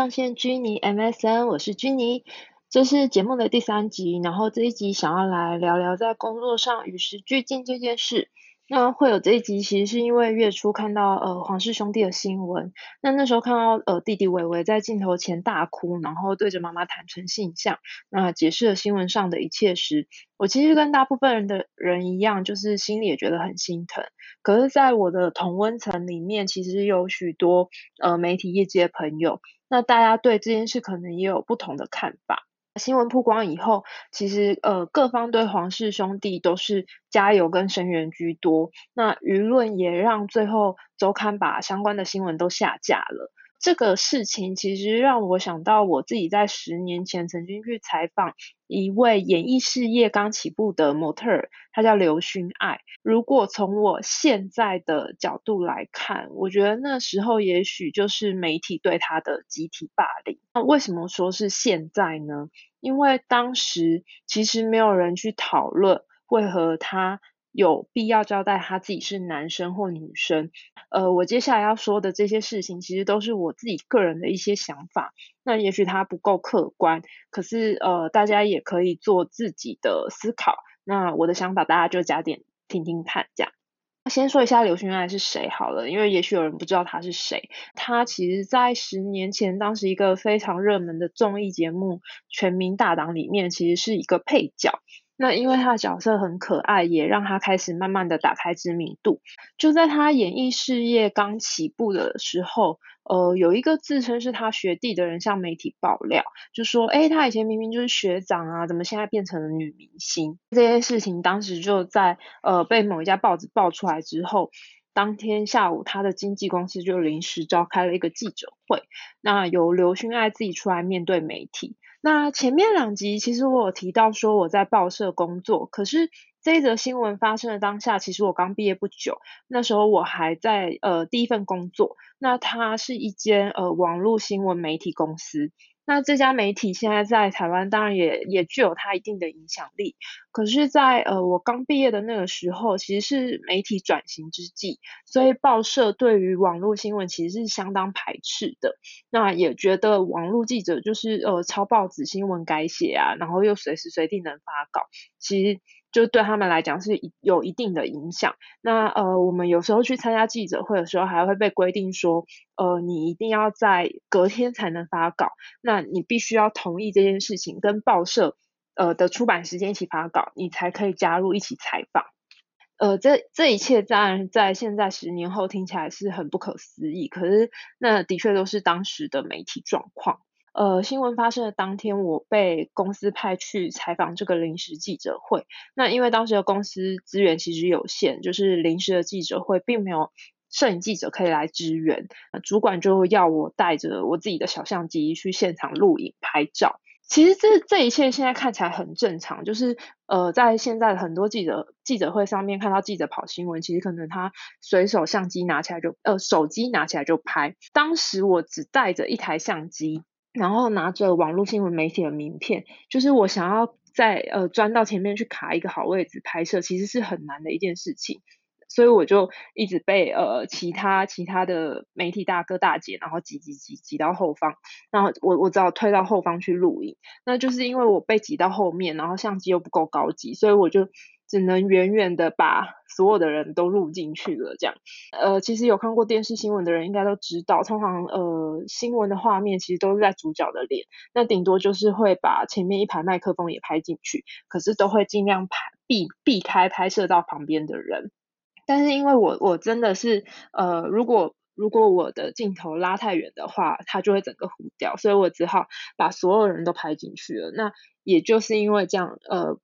上線君尼 MSN，我是君尼，這是節目的第三集，然後這一集想要來聊聊在工作上與時俱進這件事。那會有這一集，其實是因為月初看到呃黃氏兄弟的新聞，那那時候看到呃弟弟偉偉在鏡頭前大哭，然後對着媽媽坦誠性向，那解釋了新聞上的一切時，我其實跟大部分人的人一樣，就是心裡也覺得很心疼。可是，在我的同溫層裡面，其實有許多呃媒體業界的朋友。那大家對這件事可能也有不同的看法。新聞曝光以後，其實呃，各方對黃氏兄弟都是加油跟聲援居多。那輿論也讓最後周刊把相關的新聞都下架了。這個事情其實讓我想到我自己在十年前曾經去採訪一位演藝事業剛起步的模特兒，他叫劉薰愛。如果從我現在的角度來看，我覺得那時候也許就是媒體對他的集體霸凌。那為什麼說是現在呢？因為當時其實沒有人去討論會和他。有必要交代他自己是男生或女生。呃，我接下來要說的這些事情，其實都是我自己個人的一些想法。那也許他不夠客觀，可是呃，大家也可以做自己的思考。那我的想法，大家就加點聽聽看，這樣。先說一下劉薰愛是誰好了，因為也許有人不知道他是誰。他其實在十年前，當時一個非常熱門的綜藝節目《全民大黨》裡面，其實是一個配角。那因為他的角色很可愛，也讓他開始慢慢的打開知名度。就在他演藝事業剛起步的時候，呃，有一個自稱是他學弟的人向媒體爆料，就說，哎，他以前明明就是學長啊，怎麼現在變成了女明星？這些事情當時就在呃被某一家報紙爆出來之後，當天下午他的經紀公司就臨時召開了一個記者會，那由劉薰愛自己出來面對媒體。那前面兩集其實我有提到說，我在報社工作，可是這則新聞發生的當下，其實我剛畢業不久，那時候我還在呃第一份工作，那它是一間呃網絡新聞媒體公司。那這家媒體現在在台灣，當然也也具有它一定的影響力。可是在，在呃我剛畢業的那個時候，其實是媒體轉型之際，所以報社對於網絡新聞其實是相當排斥的。那也覺得網絡記者就是呃抄報紙新聞改寫啊，然後又隨時隨地能發稿，其實。就對他們來講是一有一定的影響。那呃，我們有時候去參加記者會的時候，還會被規定說，呃，你一定要在隔天才能發稿。那你必須要同意這件事情跟報社呃的出版時間一起發稿，你才可以加入一起採訪。呃，這這一切當然在現在十年後聽起來是很不可思議，可是那的確都是當時的媒體狀況。呃，新聞發生的當天，我被公司派去採訪這個臨時記者會。那因為當時的公司資源其實有限，就是臨時的記者會並沒有攝影記者可以來支援。那主管就要我帶着我自己的小相機去現場錄影拍照。其實這這一切現在看起來很正常，就是呃，在現在很多記者記者會上面看到記者跑新聞，其實可能他隨手相機拿起來就，呃，手機拿起來就拍。當時我只帶着一台相機，然後拿着網絡新聞媒體的名片，就是我想要在呃鑽到前面去卡一個好位置拍攝，其實是很難的一件事情。所以我就一直被呃其他其他的媒體大哥大姐，然後擠擠擠擠到後方，然後我我只好退到後方去錄影。那就是因為我被擠到後面，然後相機又不夠高級，所以我就。只能遠遠的把所有的人都錄進去了，這樣，呃，其實有看過電視新聞的人應該都知道，通常，呃，新聞的畫面其實都是在主角的臉，那頂多就是會把前面一排麥克風也拍進去，可是都會盡量拍避避開拍攝到旁邊的人，但是因為我我真的是，呃，如果如果我的鏡頭拉太遠的話，它就會整個糊掉，所以我只好把所有人都拍進去了，那也就是因為這樣，呃。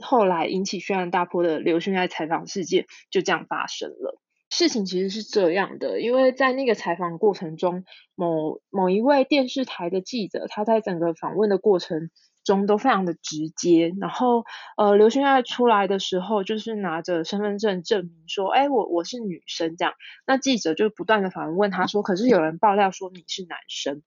後來引起軒然大波的劉薰愛採訪事件就這樣發生了。事情其實是這樣的，因為在那個採訪過程中，某某一位電視台的記者，他在整個訪問的過程中都非常的直接。然後，呃，劉薰愛出來的時候，就是拿着身份證證，證明說：“哎，我我是女生。”這樣，那記者就不斷的訪問他說：“可是有人爆料說你是男生。”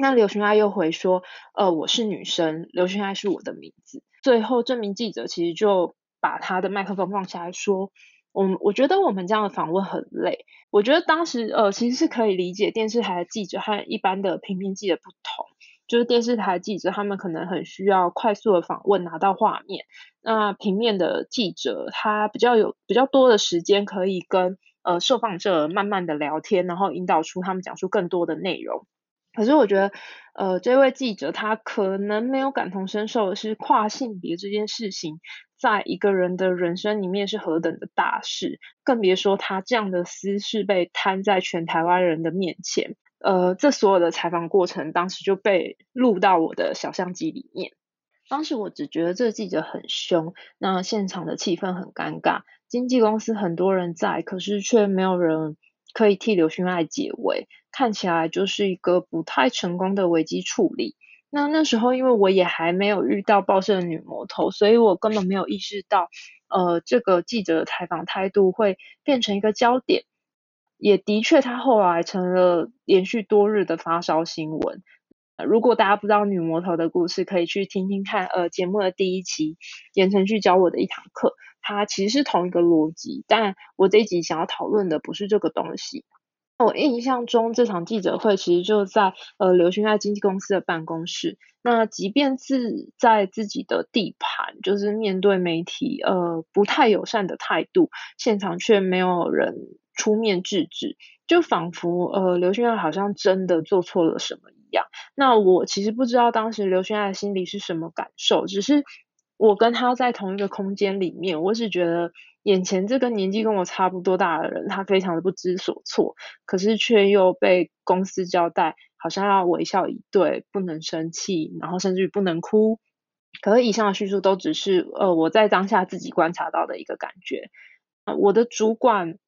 那劉薰愛又回說：“呃，我是女生，劉薰愛是我的名字。”最後，這名記者其實就把他的麥克風放下來說：“我我覺得我們這樣的訪問很累。我覺得當時，呃，其實是可以理解電視台的記者和一般的平面記者不同，就是電視台記者他們可能很需要快速的訪問拿到畫面。那平面的記者他比較有比較多的時間可以跟呃受訪者慢慢的聊天，然後引導出他們講述更多的內容。”可是我覺得，呃，這位記者他可能沒有感同身受的是跨性別這件事情，在一個人的人生裡面是何等的大事，更別說他這樣的私事被攤在全台灣人的面前。呃，這所有的採訪過程當時就被錄到我的小相機裡面。當時我只覺得這記者很兇，那現場的氣氛很尷尬，經紀公司很多人在，可是卻沒有人可以替劉薰愛解圍，看起來就是一個不太成功的危機處理。那那時候，因為我也還沒有遇到報社的女魔頭，所以我根本沒有意識到，呃，這個記者的採訪態度會變成一個焦點。也的確，他後來成了連續多日的發燒新聞。如果大家不知道女魔頭的故事，可以去聽聽看。呃，節目的第一期言承旭教我的一堂課，它其實是同一個邏輯。但我這一集想要討論的不是這個東西。我印象中這場記者會其實就在呃劉薰愛經紀公司的辦公室。那即便是在自己的地盤，就是面對媒體呃不太友善的態度，現場卻沒有人出面制止，就仿佛呃劉薰愛好像真的做錯了什麼。那我其實不知道當時劉薰愛心裡是什麼感受，只是我跟他在同一個空間裡面，我只覺得眼前這個年紀跟我差不多大的人，他非常的不知所措，可是卻又被公司交代，好像要微笑以對，不能生氣，然後甚至於不能哭。可是以上的敘述都只是呃我在當下自己觀察到的一個感覺。呃，我的主管。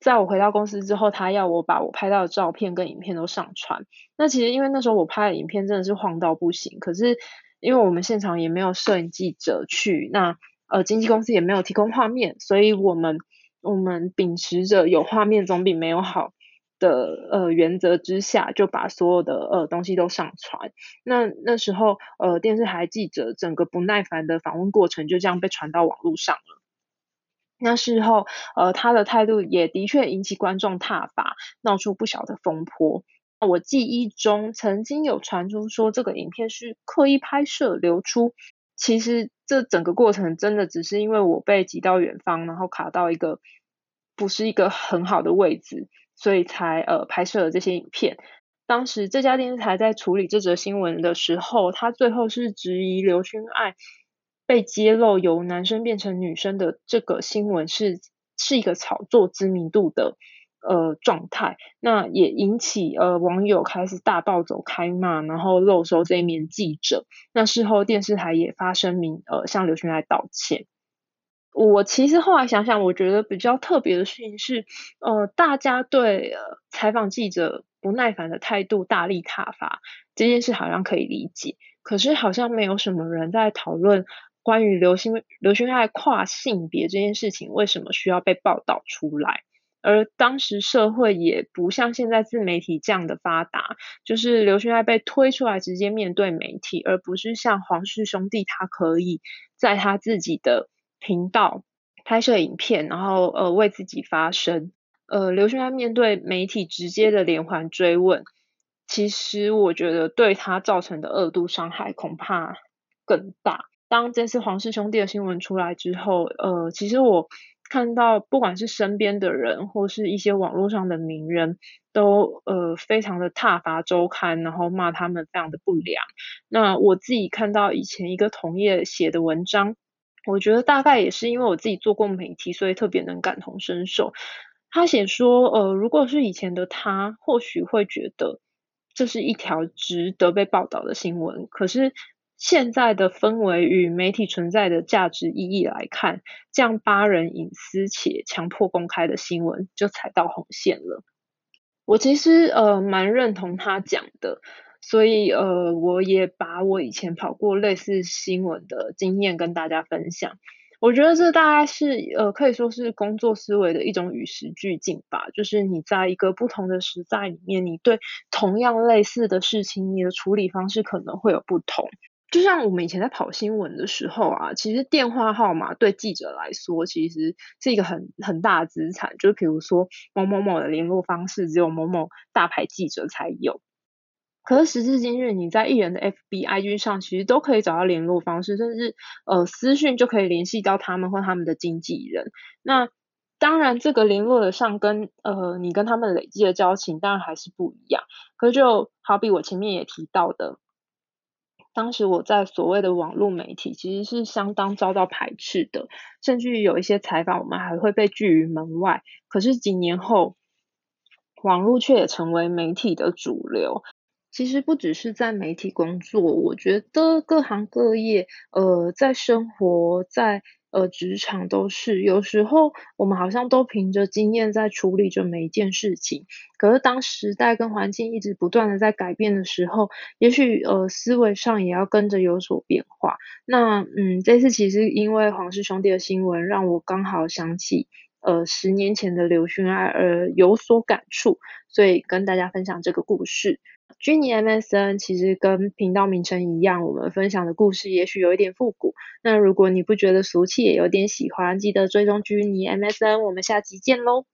在我回到公司之後，他要我把我拍到的照片跟影片都上傳。那其實因為那時候我拍的影片真的是晃到不行，可是因為我們現場也沒有攝影記者去，那呃經紀公司也沒有提供畫面，所以我們我們秉持着有畫面總比沒有好的呃原則之下，就把所有的呃東西都上傳。那那時候呃電視台記者整個不耐煩的訪問過程就這樣被傳到網絡上了。那時候，呃，他的態度也的確引起觀眾撻伐，鬧出不小的風波。我記憶中曾經有傳出說這個影片是刻意拍攝流出，其實這整個過程真的只是因為我被擠到遠方，然後卡到一個不是一個很好的位置，所以才呃拍攝了這些影片。當時，這家電視台在處理這則新聞的時候，他最後是質疑劉薰愛。被揭露由男生變成女生的這個新聞是是一個炒作知名度的呃狀態，那也引起呃網友開始大暴走開罵，然後肉搜這一名記者。那事後電視台也發聲明呃向劉薰愛道歉。我其實後來想想，我覺得比較特別的事情是，呃，大家對、呃、採訪記者不耐煩的態度大力撻伐這件事好像可以理解，可是好像沒有什麼人在討論。關於劉薰劉薰愛跨性別這件事情，為什麼需要被報道出來？而當時社會也不像現在自媒體這樣的發達，就是劉薰愛被推出來直接面對媒體，而不是像黃氏兄弟他可以在他自己的頻道拍攝影片，然後呃為自己發聲。呃，劉薰愛面對媒體直接的連環追問，其實我覺得對他造成的二度傷害恐怕更大。當這次黃氏兄弟的新聞出來之後，呃，其實我看到不管是身邊的人或是一些網絡上的名人，都呃非常的撻伐周刊，然後罵他們非常的不良。那我自己看到以前一個同業寫的文章，我覺得大概也是因為我自己做過媒體，所以特別能感同身受。他寫說，呃，如果是以前的他，或許會覺得這是一條值得被報道的新聞，可是，現在的氛圍與媒體存在的價值意義來看，這樣扒人隱私且強迫公開的新聞就踩到紅線了。我其實呃蠻認同他講的，所以呃我也把我以前跑過類似新聞的經驗跟大家分享。我覺得這大概是呃可以說是工作思維的一種與時俱進吧，就是你在一個不同的時代裡面，你對同樣類似的事情，你的處理方式可能會有不同。就像我們以前在跑新聞的時候啊，其實電話號碼對記者來說其實是一個很很大的資產。就是比如說某某某的聯絡方式，只有某某大牌記者才有。可是時至今日，你在藝人的 FB、IG 上其實都可以找到聯絡方式，甚至呃私訊就可以聯繫到他們或他們的經紀人。那當然，這個聯絡得上跟呃你跟他們累積的交情當然還是不一樣。可是就好比我前面也提到的。當時我在所謂的網絡媒體，其實是相當遭到排斥的，甚至於有一些採訪，我們還會被拒於門外。可是幾年後，網絡卻也成為媒體的主流。其實不只是在媒體工作，我覺得各行各業，呃，在生活在。呃，職場都是有時候，我們好像都憑着經驗在處理着每一件事情。可是當時代跟環境一直不斷的在改變的時候，也許呃，思維上也要跟着有所變化。那嗯，這次其實因為黃氏兄弟的新聞，讓我剛好想起。呃，十年前的劉薰愛而有所感觸，所以跟大家分享這個故事。Ginny MSN 其實跟頻道名稱一樣，我們分享的故事也許有一點復古。那如果你不覺得俗氣，也有點喜歡，記得追蹤 Ginny MSN。我們下集見嘍。